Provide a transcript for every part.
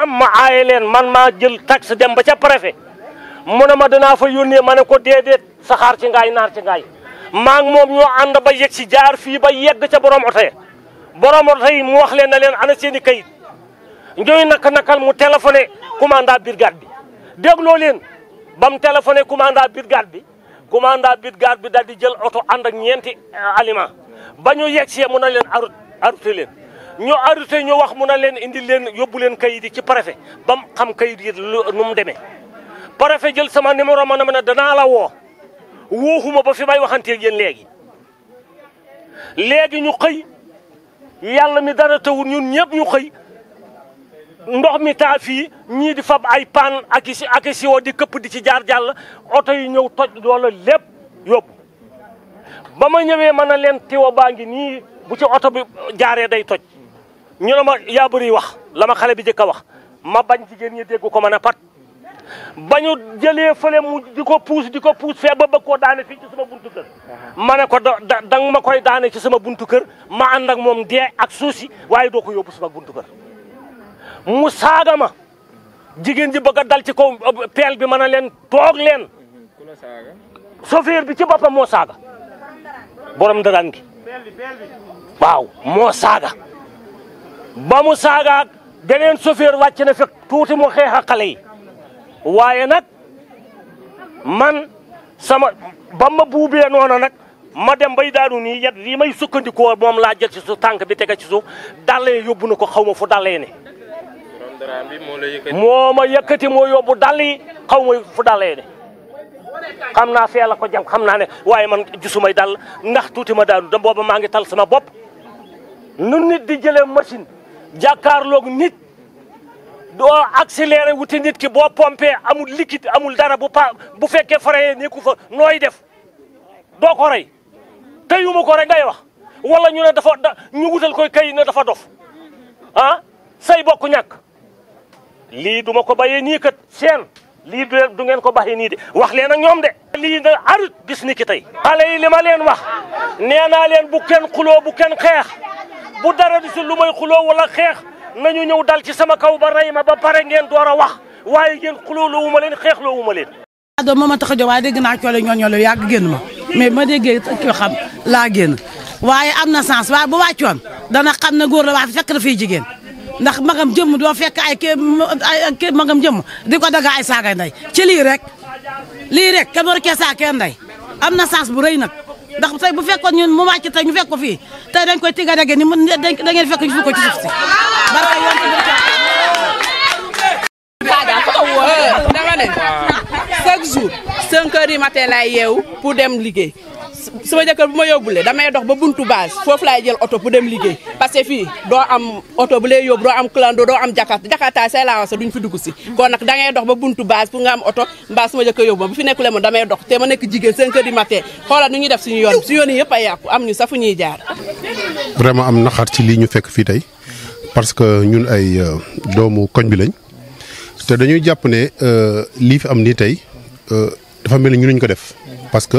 am ma aaye leen man maa jël taxe dem ba ca préfet mu ne ma danaa fa yónnee ma ne ko déedéet saxaar ci ngaay naar ci ngaay maa moom ñoo ànd ba yegg si jaar fii ba yegg ca borom oto ya borom oto yi mu wax leen na leen ana seeni kayit ñooy naka nakal mu téléphoné commandant brigade bi dégloo leen ba mu téléphoné commandant brigade bi commandant brigade bi daal di jël oto ànd ak ñeenti eh, aliment ba ñu yegg si mu na leen arut arute leen ñu arrêté ñu wax mun a leen indi leen yóbbu kayit yi ci préfet ba xam kayit yi nu mu demee préfet jël sama numéro ma a ma ne danaa la woo wooxuma ba fi may waxante yéen léegi léegi ñu xëy yàlla mi dara tawul ñun ñëpp ñu xëy ndox mi taa fii ñii di fab ay paan ak di këpp di ci jaar jàll oto yi ñëw toj loola lépp yóbbu ba ma ñëwee mën a leen tiwo baa ngi nii bu ci oto bi jaaree day toj ñu ne ma yaa bëri wax la ma xale bi jëkk a wax ma bañ jigéen ñi dégg ko mën a pat bañu jële fële mu di ko puus di ko puus fee ba bëgg koo daane fii ci sama buntu ma ne ko da da koy daane ci sama buntu kër ma ak moom dee ak suusi waaye doo ko yóbbu sama buntu kër mu saaga ma jigéen ji bëgg a dal ci kaw euh, peel bi mën a leen toog leen chauffeur bi ci boppam moo saaga borom daraan gi waaw moo saaga ba mu saagaak beneen chauffeur wàcc na fekk tuuti mu xeex a xale yi waaye nag man sama ba ma buubee noonu nag ma dem bay daanu nii yat lii may sukkandikoo moom laa jël ci suuf tànk bi tege ci suuf dàllee yóbbu na ko xaw ma fu dàllee ne moo ma yëkkati moo yóbbu dàll yi xaw ma fu dàllee ne xam naa fee la ko jam xam naa ne waaye man gisumay dàll ndax tuuti ma daanu da booba maa ngi tal sama bopp nu nit di jëlee machine jàkkaarloog nit doo accéléré wuti nit ki boo pompé amul liquide amul dara bu pa bu fekkee frein ni ku fa nooy def doo ko rey teyuma ko rek ngay wax wala ñu ne dafa da ñu wutal koy kay ne dafa dof ah say bokk ñàkk lii duma ko bayee nii kat seen lii du ngeen ko baxee nii de wax leen ak ñoom de lii na arut gis ni ki tey xale yi li ma leen wax nee naa leen bu kenn xuloo bu kenn xeex bu dara di si lu may xuloo wala xeex nañu ñëw dal ci sama kaw ba rey ma ba pare ngeen door a wax waaye ngeen xuloo loowu ma leen xeex loowu ma leen. a doom ma ma tax a jóg waaye dégg naa coole ñooñu yàgg génn ma mais ma déggee kii xam laa génn waaye am na sens waaye bu wàccoon dana xam na góor la waaye fekk na fii jigéen. ndax magam jëmm doo fekk ay kii ay kii magam jëmm di ko daga ay saagay nday ci lii rek lii rek kenn war kee saa kenn nday am na sens bu rëy nag. ndax tey bu fekkoon ñun mu wàcc tey ñu fekk ko fii tey dañ koy tiga dege ni mu da ngeen fekk ñu fi ko ci suuf si barka yoon ci dama ne chaque jour 5 heures du matin laay yeewu pour dem liggéey suma ma jëkkër bu ma yóbbulee damay dox ba buntu base fofu lay jël auto pour dem liggéey parce que fi do am auto bu lay yob do am clando do am jakarta jakarta c'est la wax duñ fi dugg ci kon nak da ngay dox ba buntu base pour nga am auto, ba suma ma yob yóbbu ma bu fi nekkule moom damay dox té ma nekk jigéen 5h du matin xoolal nu ñuy def suñu yoon suñu yoon yépp ay a am ñu sa fu ñuy jaar vraiment am naxar ci li ñu fekk fi tay parce que ñun ay euh, doomu koñ bi lañ té dañuy né euh li fi am tay euh dafa mel ñu ñu ko def parce que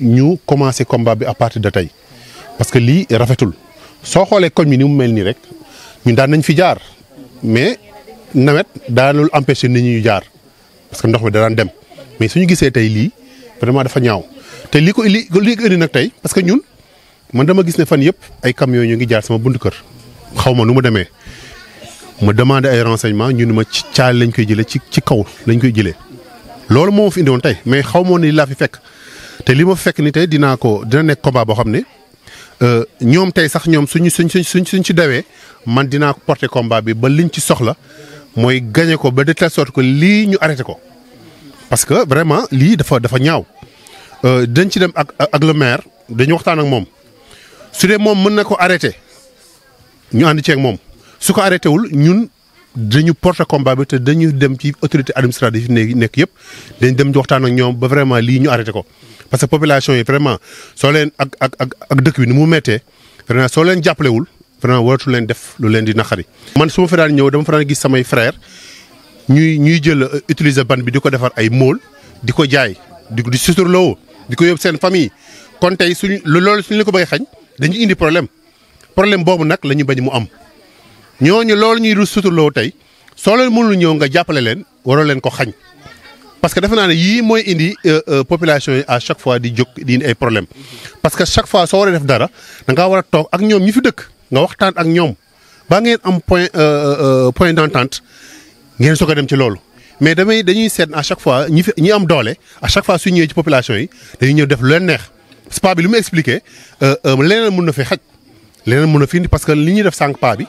ñu commencé combat bi à partir de tay parce que li rafetul so xolé koñ bi ni mu mel rek ñun daan nañ fi jaar mais nawet daanul empêcher nit ñi ñu jaar parce que ndox bi da daan dem mais suñu gisee tay li vraiment dafa ñaaw té li ko li li ko indi nag parce que ñun man dama gis né fan yépp ay camions ñu ngi jaar sama buntu kër xaw ma nu mu demee ma demandé ay renseignements ñu ne ma ci caal lañ koy jëlee ci ci kaw lañ koy jëlee loolu moo fi indi won tay mais xawmo ni la fi fekk. te li ma fekk ni tey dinaa ko dina nekk combat boo xam ne euh, ñoom tey sax ñoom suñu suñ suñ suñ suñ ci dawee man dina porter combat bi ba liñ ci soxla mooy gagné ko ba de telle sorte que lii ñu arrêté ko. parce que vraiment lii dafa dafa ñaaw euh, dañ ci dem ak ak le dañu waxtaan ak moom su dee moom mën na ko arrêté ñu ànd ceeg moom su ko arrêté wul ñun. dañu porter combat bi te dañu dem ci autorité administrative yi nekk yëpp dañ dem waxtaan ak ñoom ba vraiment lii ñu arrêté ko. parce que population yi vraiment soo leen ak ak ak dëkk bi ni mu méttee vraiment soo leen jàppalewul vraiment waratu leen def lu leen di naqari. man su ma fa ñëw dama fa daan gis samay frère ñuy ñuy jël euh, utiliser ban bi di ko defar ay mool di ko jaay di di suturloo di ko yóbbu seen famille kon tey suñu loolu suñu la ko bëggee xañ dañu indi problème problème boobu nag la ñu bañ mu am ñooñu loolu ñuy suturloo tey soo leen mënul ñëw nga jàppale leen waroo leen ko xañ. parce que defe naa ne yii mooy indi euh, euh, population yi à chaque fois di jóg di indi ay problème parce que chaque fois soo waree def dara da war a toog ak ñoom ñi fi dëkk nga waxtaan ak ñoom ba ngeen am point euh, point d'entente ngeen soog a dem ci loolu. mais damay dañuy seet à chaque fois ñi fi ñi am doole à chaque fois su ñëwee ci population yi dañuy ñëw def lu leen neex spa bi lu mu expliqué leneen mun na fi xaj. leneen mën a fi indi parce que li ñuy def sànq paa bi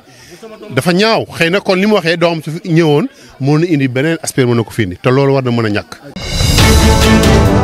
dafa ñaaw xëy na kon li mu waxee doom su ñëwoon mën indi beneen aspect mën na ko fi indi te loolu war na mën a ñàkk.